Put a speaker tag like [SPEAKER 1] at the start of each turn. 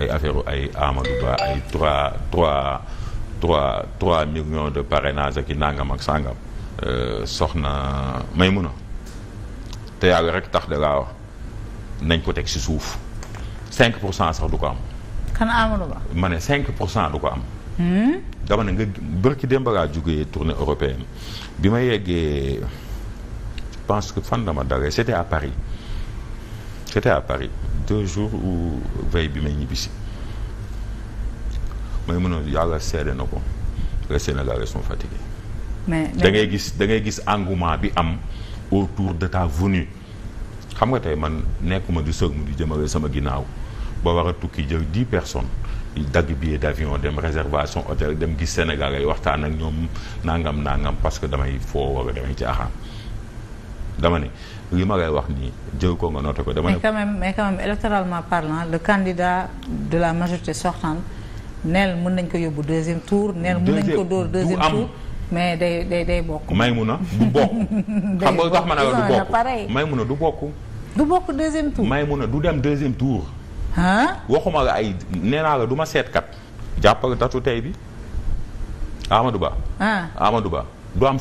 [SPEAKER 1] ay affaire ay Amadou Ba ay trois trois trois trois millions de parrainage ak i nangam ak sangam. Euh, soxna Maymuna te yàlla rek tax da laa wax nañ ko teg si suuf cinq pour cent sax du ko am.
[SPEAKER 2] kan Amadou Ba.
[SPEAKER 1] ma cinq pour cent du ko am. Hmm? dama ne nga bërki démb jógee tournée européenne bi ma yeggee pense que fan la dalee c'était à Paris. j'étais à Paris deux jours ou veille bi may ñibbisi may mën a yàlla seede na ko les Sénégalais sont fatigués mais gis da ngay gis engouement bi am autour de ta venue xam nga tey man nekkuma di sëgmu di jëmale sama ginnaaw ba war a tukki jël dix personnes dagg billet d'avion dem réservation hôtel dem gis Sénégalais waxtaan ak ñoom nangam nangam parce que damay foo wala damay ci axaan dama ne li ma lay wax nii jël ko nga noté ko. dama ne mais quand
[SPEAKER 2] même mais quand même électoralement parlant le candidat de la majorité sortante neel mën nañ ko yóbbu deuxième tour. neel mën nañ ko dóor deuxième tour mais day day day bokk.
[SPEAKER 1] may mun a du bokk. wax ma ne du bokk may mun a du bokk. du bokk deuxième tour may mun a du dem deuxième tour. waxuma la ay nee la du ma seetkat. jàppal datu tey bi Amadou
[SPEAKER 2] Ba.
[SPEAKER 1] du am